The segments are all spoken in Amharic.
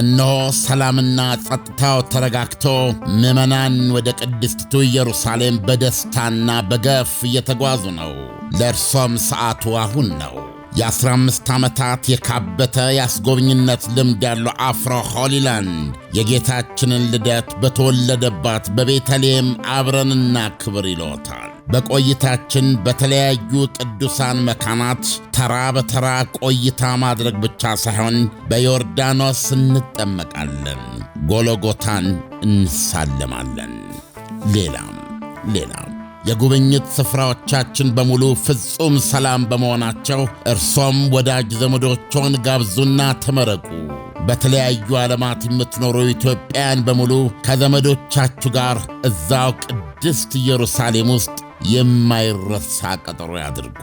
እነሆ ሰላምና ጸጥታው ተረጋግቶ ምዕመናን ወደ ቅድስቲቱ ኢየሩሳሌም በደስታና በገፍ እየተጓዙ ነው። ለእርሶም ሰዓቱ አሁን ነው። የ15 ዓመታት የካበተ የአስጎብኝነት ልምድ ያለው አፍሮ ሆሊላንድ የጌታችንን ልደት በተወለደባት በቤተልሔም አብረንና ክብር ይሎታል። በቆይታችን በተለያዩ ቅዱሳን መካናት ተራ በተራ ቆይታ ማድረግ ብቻ ሳይሆን በዮርዳኖስ እንጠመቃለን፣ ጎሎጎታን እንሳለማለን። ሌላም ሌላም የጉብኝት ስፍራዎቻችን በሙሉ ፍጹም ሰላም በመሆናቸው እርሶም ወዳጅ ዘመዶችዎን ጋብዙና ተመረቁ። በተለያዩ ዓለማት የምትኖሩ ኢትዮጵያውያን በሙሉ ከዘመዶቻችሁ ጋር እዛው ቅድስት ኢየሩሳሌም ውስጥ የማይረሳ ቀጠሮ ያድርጉ።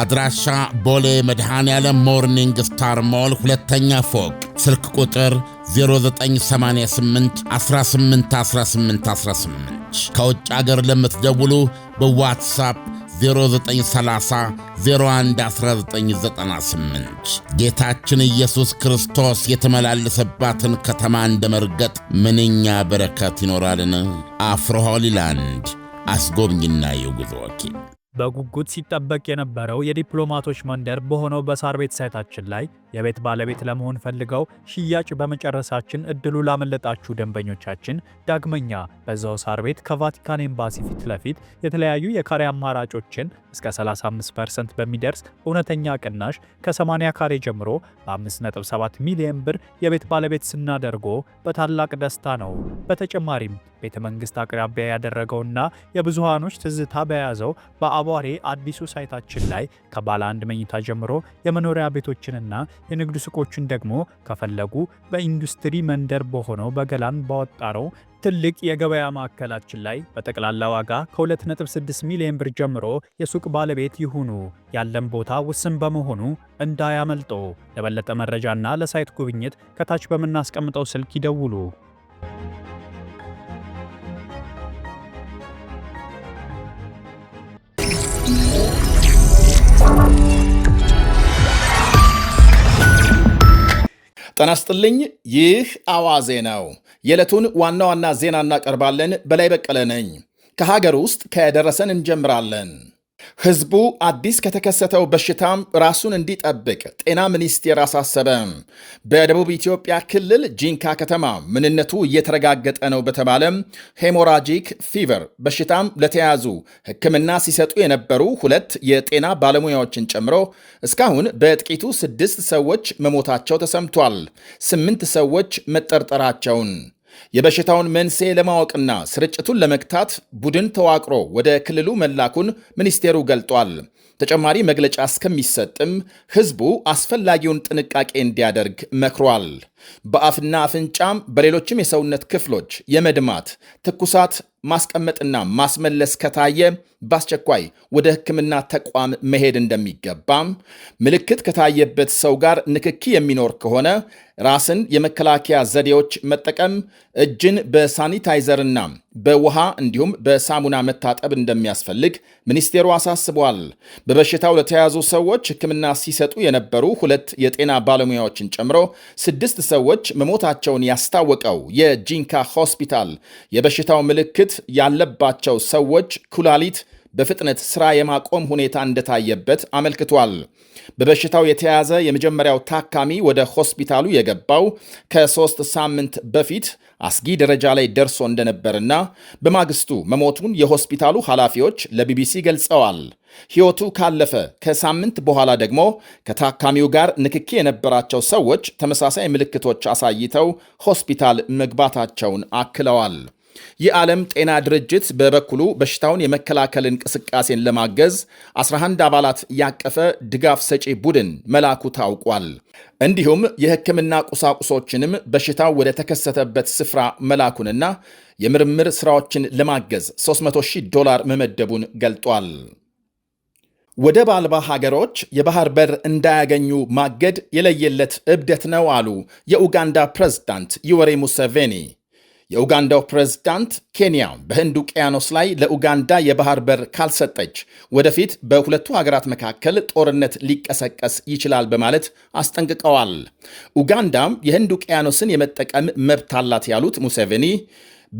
አድራሻ ቦሌ መድኃኔዓለም ሞርኒንግ ስታር ሞል ሁለተኛ ፎቅ፣ ስልክ ቁጥር 0988 ከውጭ አገር ለምትደውሉ በዋትሳፕ 0930 011998 ጌታችን ኢየሱስ ክርስቶስ የተመላለሰባትን ከተማ እንደ መርገጥ ምንኛ በረከት ይኖራልን! አፍሮ ሆሊላንድ አስጎብኝና የጉዞ ወኪል። በጉጉት ሲጠበቅ የነበረው የዲፕሎማቶች መንደር በሆነው በሳር ቤት ሳይታችን ላይ የቤት ባለቤት ለመሆን ፈልገው ሽያጭ በመጨረሳችን እድሉ ላመለጣችሁ ደንበኞቻችን ዳግመኛ በዛው ሳር ቤት ከቫቲካን ኤምባሲ ፊት ለፊት የተለያዩ የካሬ አማራጮችን እስከ 35% በሚደርስ እውነተኛ ቅናሽ ከ80 ካሬ ጀምሮ በ5.7 ሚሊዮን ብር የቤት ባለቤት ስናደርጎ በታላቅ ደስታ ነው። በተጨማሪም ቤተ መንግስት አቅራቢያ ያደረገውና የብዙሃኖች ትዝታ በያዘው በአቧሬ አዲሱ ሳይታችን ላይ ከባለ አንድ መኝታ ጀምሮ የመኖሪያ ቤቶችንና የንግድ ሱቆችን ደግሞ ከፈለጉ በኢንዱስትሪ መንደር በሆነው በገላን ባወጣነው ትልቅ የገበያ ማዕከላችን ላይ በጠቅላላ ዋጋ ከ2.6 ሚሊዮን ብር ጀምሮ የሱቅ ባለቤት ይሁኑ። ያለን ቦታ ውስን በመሆኑ እንዳያመልጦ። ለበለጠ መረጃና ለሳይት ጉብኝት ከታች በምናስቀምጠው ስልክ ይደውሉ። ጤና ይስጥልኝ። ይህ አዋዜ ነው። የዕለቱን ዋና ዋና ዜና እናቀርባለን። በላይ በቀለ ነኝ። ከሀገር ውስጥ ከደረሰን እንጀምራለን። ህዝቡ አዲስ ከተከሰተው በሽታም ራሱን እንዲጠብቅ ጤና ሚኒስቴር አሳሰበ። በደቡብ ኢትዮጵያ ክልል ጂንካ ከተማ ምንነቱ እየተረጋገጠ ነው በተባለም ሄሞራጂክ ፊቨር በሽታም ለተያዙ ሕክምና ሲሰጡ የነበሩ ሁለት የጤና ባለሙያዎችን ጨምሮ እስካሁን በጥቂቱ ስድስት ሰዎች መሞታቸው ተሰምቷል። ስምንት ሰዎች መጠርጠራቸውን የበሽታውን መንስኤ ለማወቅና ስርጭቱን ለመግታት ቡድን ተዋቅሮ ወደ ክልሉ መላኩን ሚኒስቴሩ ገልጧል። ተጨማሪ መግለጫ እስከሚሰጥም ሕዝቡ አስፈላጊውን ጥንቃቄ እንዲያደርግ መክሯል። በአፍና አፍንጫም በሌሎችም የሰውነት ክፍሎች የመድማት ትኩሳት፣ ማስቀመጥና ማስመለስ ከታየ በአስቸኳይ ወደ ሕክምና ተቋም መሄድ እንደሚገባም፣ ምልክት ከታየበት ሰው ጋር ንክኪ የሚኖር ከሆነ ራስን የመከላከያ ዘዴዎች መጠቀም፣ እጅን በሳኒታይዘርና በውሃ እንዲሁም በሳሙና መታጠብ እንደሚያስፈልግ ሚኒስቴሩ አሳስቧል። በበሽታው ለተያዙ ሰዎች ሕክምና ሲሰጡ የነበሩ ሁለት የጤና ባለሙያዎችን ጨምሮ ስድስት ሰዎች መሞታቸውን ያስታወቀው የጂንካ ሆስፒታል የበሽታው ምልክት ያለባቸው ሰዎች ኩላሊት በፍጥነት ስራ የማቆም ሁኔታ እንደታየበት አመልክቷል። በበሽታው የተያዘ የመጀመሪያው ታካሚ ወደ ሆስፒታሉ የገባው ከሶስት ሳምንት በፊት አስጊ ደረጃ ላይ ደርሶ እንደነበርና በማግስቱ መሞቱን የሆስፒታሉ ኃላፊዎች ለቢቢሲ ገልጸዋል። ሕይወቱ ካለፈ ከሳምንት በኋላ ደግሞ ከታካሚው ጋር ንክኪ የነበራቸው ሰዎች ተመሳሳይ ምልክቶች አሳይተው ሆስፒታል መግባታቸውን አክለዋል። የዓለም ጤና ድርጅት በበኩሉ በሽታውን የመከላከል እንቅስቃሴን ለማገዝ 11 አባላት ያቀፈ ድጋፍ ሰጪ ቡድን መላኩ ታውቋል። እንዲሁም የሕክምና ቁሳቁሶችንም በሽታው ወደ ተከሰተበት ስፍራ መላኩንና የምርምር ሥራዎችን ለማገዝ 300,000 ዶላር መመደቡን ገልጧል። ወደብ አልባ ሀገሮች የባህር በር እንዳያገኙ ማገድ የለየለት እብደት ነው አሉ የኡጋንዳ ፕሬዝዳንት ዩወሬ ሙሴቬኒ። የኡጋንዳው ፕሬዝዳንት ኬንያ በህንድ ውቅያኖስ ላይ ለኡጋንዳ የባህር በር ካልሰጠች ወደፊት በሁለቱ ሀገራት መካከል ጦርነት ሊቀሰቀስ ይችላል በማለት አስጠንቅቀዋል። ኡጋንዳም የህንድ ውቅያኖስን የመጠቀም መብት አላት ያሉት ሙሴቬኒ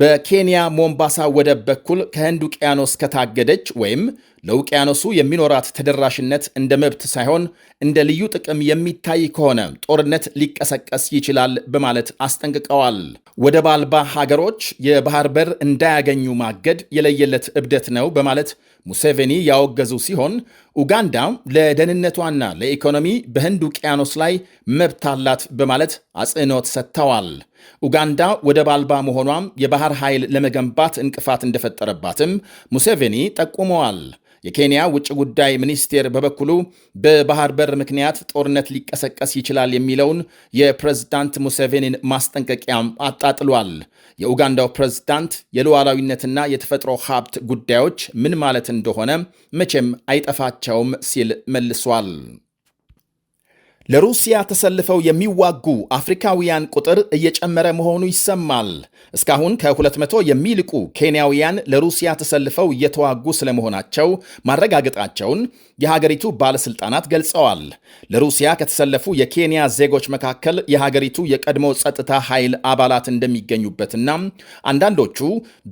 በኬንያ ሞምባሳ ወደብ በኩል ከህንድ ውቅያኖስ ከታገደች ወይም ለውቅያኖሱ የሚኖራት ተደራሽነት እንደ መብት ሳይሆን እንደ ልዩ ጥቅም የሚታይ ከሆነ ጦርነት ሊቀሰቀስ ይችላል በማለት አስጠንቅቀዋል። ወደብ አልባ ሀገሮች የባህር በር እንዳያገኙ ማገድ የለየለት እብደት ነው በማለት ሙሴቬኒ ያወገዙ ሲሆን ኡጋንዳ ለደህንነቷና ለኢኮኖሚ በህንድ ውቅያኖስ ላይ መብት አላት በማለት አጽንዖት ሰጥተዋል። ኡጋንዳ ወደብ አልባ መሆኗም የባህር ኃይል ለመገንባት እንቅፋት እንደፈጠረባትም ሙሴቬኒ ጠቁመዋል። የኬንያ ውጭ ጉዳይ ሚኒስቴር በበኩሉ በባህር በር ምክንያት ጦርነት ሊቀሰቀስ ይችላል የሚለውን የፕሬዝዳንት ሙሴቬኒን ማስጠንቀቂያም አጣጥሏል። የኡጋንዳው ፕሬዝዳንት የሉዓላዊነትና የተፈጥሮ ሀብት ጉዳዮች ምን ማለት እንደሆነ መቼም አይጠፋቸውም ሲል መልሷል። ለሩሲያ ተሰልፈው የሚዋጉ አፍሪካውያን ቁጥር እየጨመረ መሆኑ ይሰማል። እስካሁን ከ200 የሚልቁ ኬንያውያን ለሩሲያ ተሰልፈው እየተዋጉ ስለመሆናቸው ማረጋገጣቸውን የሀገሪቱ ባለሥልጣናት ገልጸዋል። ለሩሲያ ከተሰለፉ የኬንያ ዜጎች መካከል የሀገሪቱ የቀድሞ ጸጥታ ኃይል አባላት እንደሚገኙበትና አንዳንዶቹ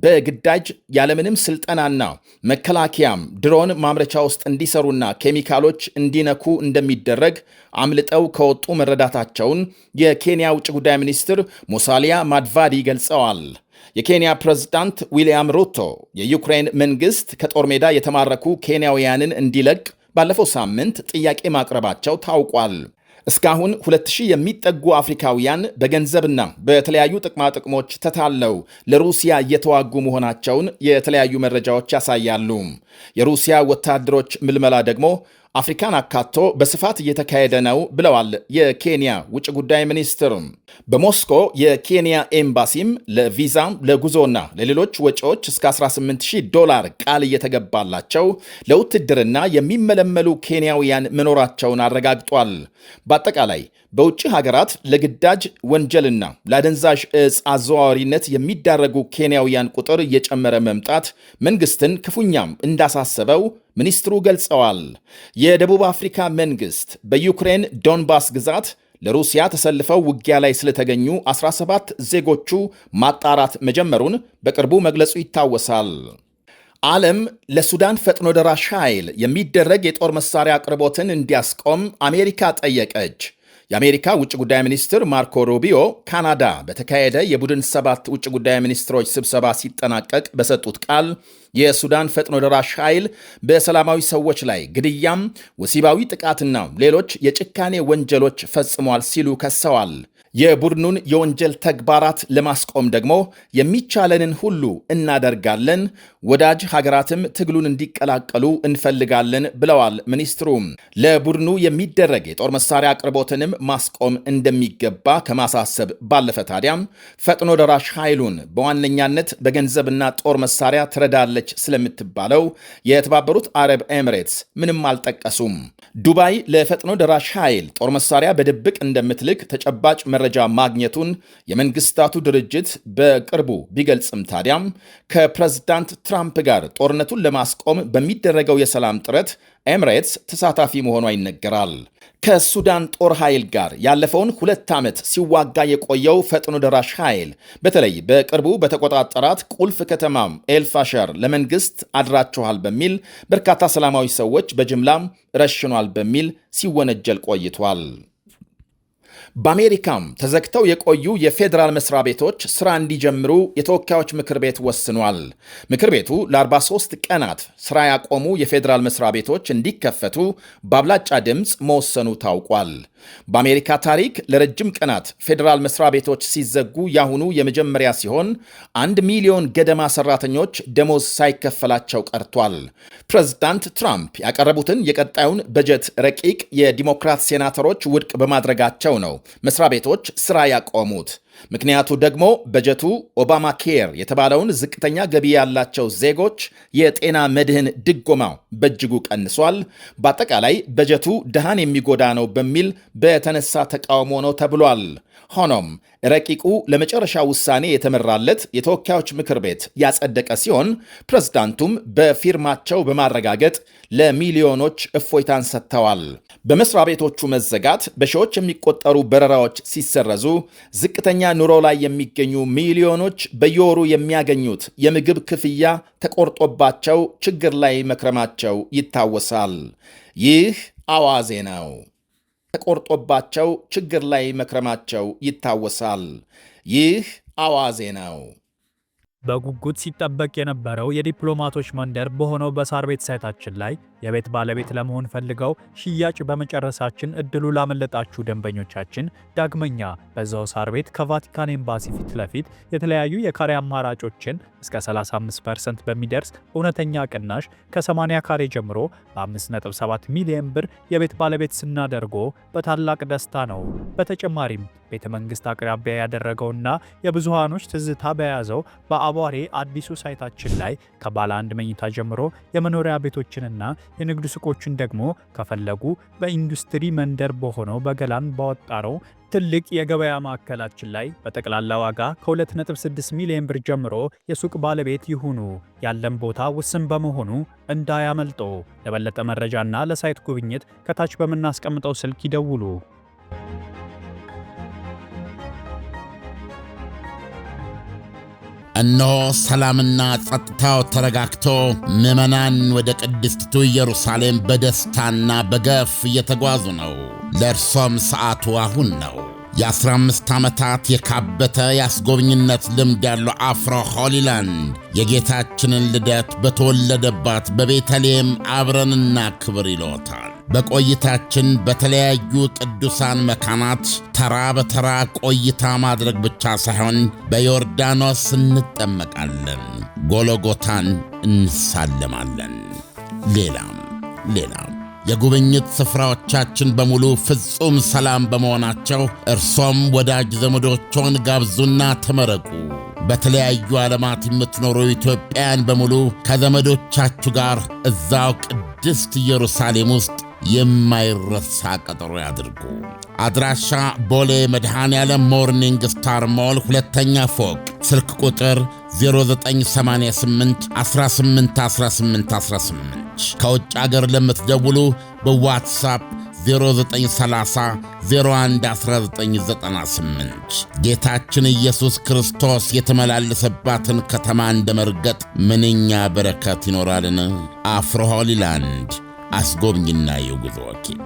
በግዳጅ ያለምንም ስልጠናና መከላከያም ድሮን ማምረቻ ውስጥ እንዲሰሩና ኬሚካሎች እንዲነኩ እንደሚደረግ አምል አምልጠው ከወጡ መረዳታቸውን የኬንያ ውጭ ጉዳይ ሚኒስትር ሙሳሊያ ማድቫዲ ገልጸዋል። የኬንያ ፕሬዝዳንት ዊልያም ሩቶ የዩክሬን መንግሥት ከጦር ሜዳ የተማረኩ ኬንያውያንን እንዲለቅ ባለፈው ሳምንት ጥያቄ ማቅረባቸው ታውቋል። እስካሁን 2000 የሚጠጉ አፍሪካውያን በገንዘብና በተለያዩ ጥቅማጥቅሞች ተታለው ለሩሲያ እየተዋጉ መሆናቸውን የተለያዩ መረጃዎች ያሳያሉ። የሩሲያ ወታደሮች ምልመላ ደግሞ አፍሪካን አካቶ በስፋት እየተካሄደ ነው ብለዋል የኬንያ ውጭ ጉዳይ ሚኒስትር። በሞስኮ የኬንያ ኤምባሲም ለቪዛም ለጉዞና ለሌሎች ወጪዎች እስከ 180 ዶላር ቃል እየተገባላቸው ለውትድርና የሚመለመሉ ኬንያውያን መኖራቸውን አረጋግጧል። በአጠቃላይ በውጭ ሀገራት ለግዳጅ ወንጀልና ለአደንዛዥ እጽ አዘዋዋሪነት የሚዳረጉ ኬንያውያን ቁጥር እየጨመረ መምጣት መንግስትን ክፉኛም እንዳሳሰበው ሚኒስትሩ ገልጸዋል። የደቡብ አፍሪካ መንግሥት በዩክሬን ዶንባስ ግዛት ለሩሲያ ተሰልፈው ውጊያ ላይ ስለተገኙ 17 ዜጎቹ ማጣራት መጀመሩን በቅርቡ መግለጹ ይታወሳል። ዓለም ለሱዳን ፈጥኖ ደራሽ ኃይል የሚደረግ የጦር መሳሪያ አቅርቦትን እንዲያስቆም አሜሪካ ጠየቀች። የአሜሪካ ውጭ ጉዳይ ሚኒስትር ማርኮ ሩቢዮ ካናዳ በተካሄደ የቡድን ሰባት ውጭ ጉዳይ ሚኒስትሮች ስብሰባ ሲጠናቀቅ በሰጡት ቃል የሱዳን ፈጥኖ ደራሽ ኃይል በሰላማዊ ሰዎች ላይ ግድያም፣ ወሲባዊ ጥቃትና ሌሎች የጭካኔ ወንጀሎች ፈጽሟል ሲሉ ከሰዋል። የቡድኑን የወንጀል ተግባራት ለማስቆም ደግሞ የሚቻለንን ሁሉ እናደርጋለን፣ ወዳጅ ሀገራትም ትግሉን እንዲቀላቀሉ እንፈልጋለን ብለዋል ሚኒስትሩ። ለቡድኑ የሚደረግ የጦር መሳሪያ አቅርቦትንም ማስቆም እንደሚገባ ከማሳሰብ ባለፈ ታዲያም ፈጥኖ ደራሽ ኃይሉን በዋነኛነት በገንዘብና ጦር መሳሪያ ትረዳለች ስለምትባለው የተባበሩት አረብ ኤምሬትስ ምንም አልጠቀሱም። ዱባይ ለፈጥኖ ደራሽ ኃይል ጦር መሳሪያ በድብቅ እንደምትልክ ተጨባጭ መረ መረጃ ማግኘቱን የመንግስታቱ ድርጅት በቅርቡ ቢገልጽም ታዲያም ከፕሬዝዳንት ትራምፕ ጋር ጦርነቱን ለማስቆም በሚደረገው የሰላም ጥረት ኤምሬትስ ተሳታፊ መሆኗ ይነገራል። ከሱዳን ጦር ኃይል ጋር ያለፈውን ሁለት ዓመት ሲዋጋ የቆየው ፈጥኖ ደራሽ ኃይል በተለይ በቅርቡ በተቆጣጠራት ቁልፍ ከተማም ኤልፋሸር ለመንግስት አድራችኋል በሚል በርካታ ሰላማዊ ሰዎች በጅምላም ረሽኗል በሚል ሲወነጀል ቆይቷል። በአሜሪካም ተዘግተው የቆዩ የፌዴራል መስሪያ ቤቶች ስራ እንዲጀምሩ የተወካዮች ምክር ቤት ወስኗል። ምክር ቤቱ ለ43 ቀናት ስራ ያቆሙ የፌዴራል መስሪያ ቤቶች እንዲከፈቱ በአብላጫ ድምፅ መወሰኑ ታውቋል። በአሜሪካ ታሪክ ለረጅም ቀናት ፌዴራል መስሪያ ቤቶች ሲዘጉ ያሁኑ የመጀመሪያ ሲሆን አንድ ሚሊዮን ገደማ ሰራተኞች ደሞዝ ሳይከፈላቸው ቀርቷል። ፕሬዝዳንት ትራምፕ ያቀረቡትን የቀጣዩን በጀት ረቂቅ የዲሞክራት ሴናተሮች ውድቅ በማድረጋቸው ነው ነው መስሪያ ቤቶች ስራ ያቆሙት። ምክንያቱ ደግሞ በጀቱ ኦባማ ኬር የተባለውን ዝቅተኛ ገቢ ያላቸው ዜጎች የጤና መድህን ድጎማው በእጅጉ ቀንሷል፣ በአጠቃላይ በጀቱ ድሃን የሚጎዳ ነው በሚል በተነሳ ተቃውሞ ነው ተብሏል። ሆኖም ረቂቁ ለመጨረሻ ውሳኔ የተመራለት የተወካዮች ምክር ቤት ያጸደቀ ሲሆን ፕሬዝዳንቱም በፊርማቸው በማረጋገጥ ለሚሊዮኖች እፎይታን ሰጥተዋል። በመስሪያ ቤቶቹ መዘጋት በሺዎች የሚቆጠሩ በረራዎች ሲሰረዙ ዝቅተኛ ኑሮ ላይ የሚገኙ ሚሊዮኖች በየወሩ የሚያገኙት የምግብ ክፍያ ተቆርጦባቸው ችግር ላይ መክረማቸው ይታወሳል። ይህ አዋዜ ነው። ተቆርጦባቸው ችግር ላይ መክረማቸው ይታወሳል። ይህ አዋዜ ነው። በጉጉት ሲጠበቅ የነበረው የዲፕሎማቶች መንደር በሆነው በሳር ቤት ሳይታችን ላይ የቤት ባለቤት ለመሆን ፈልገው ሽያጭ በመጨረሳችን እድሉ ላመለጣችሁ ደንበኞቻችን ዳግመኛ በዛው ሳር ቤት ከቫቲካን ኤምባሲ ፊት ለፊት የተለያዩ የካሬ አማራጮችን እስከ 35% በሚደርስ እውነተኛ ቅናሽ ከ80 ካሬ ጀምሮ በ5.7 ሚሊዮን ብር የቤት ባለቤት ስናደርጎ በታላቅ ደስታ ነው። በተጨማሪም ቤተ መንግስት አቅራቢያ ያደረገውና የብዙሃኖች ትዝታ በያዘው በአቧሬ አዲሱ ሳይታችን ላይ ከባለ አንድ መኝታ ጀምሮ የመኖሪያ ቤቶችንና የንግድ ሱቆችን ደግሞ ከፈለጉ በኢንዱስትሪ መንደር በሆነው በገላን ባወጣነው ትልቅ የገበያ ማዕከላችን ላይ በጠቅላላ ዋጋ ከ2.6 ሚሊዮን ብር ጀምሮ የሱቅ ባለቤት ይሁኑ። ያለን ቦታ ውስን በመሆኑ እንዳያመልጦ። ለበለጠ መረጃና ለሳይት ጉብኝት ከታች በምናስቀምጠው ስልክ ይደውሉ። እነሆ ሰላምና ጸጥታው ተረጋግቶ ምዕመናን ወደ ቅድስቲቱ ኢየሩሳሌም በደስታና በገፍ እየተጓዙ ነው። ለእርሶም ሰዓቱ አሁን ነው። የ15 ዓመታት የካበተ የአስጎብኝነት ልምድ ያለው አፍሮ ሆሊላንድ የጌታችንን ልደት በተወለደባት በቤተልሔም አብረንና ክብር ይለዎታል። በቆይታችን በተለያዩ ቅዱሳን መካናት ተራ በተራ ቆይታ ማድረግ ብቻ ሳይሆን በዮርዳኖስ እንጠመቃለን፣ ጎሎጎታን እንሳለማለን። ሌላም ሌላም የጉብኝት ስፍራዎቻችን በሙሉ ፍጹም ሰላም በመሆናቸው እርሶም ወዳጅ ዘመዶችዎን ጋብዙና ተመረቁ። በተለያዩ ዓለማት የምትኖሩ ኢትዮጵያን በሙሉ ከዘመዶቻችሁ ጋር እዛው ቅድስት ኢየሩሳሌም ውስጥ የማይረሳ ቀጠሮ ያድርጉ። አድራሻ ቦሌ መድኃኔዓለም ሞርኒንግ ስታር ሞል ሁለተኛ ፎቅ፣ ስልክ ቁጥር 0988 ከውጭ አገር ለምትደውሉ በዋትሳፕ 0930 011998። ጌታችን ኢየሱስ ክርስቶስ የተመላለሰባትን ከተማ እንደ መርገጥ ምንኛ በረከት ይኖራልን! አፍሮ ሆሊላንድ አስጎብኝና የጉዞ ወኪል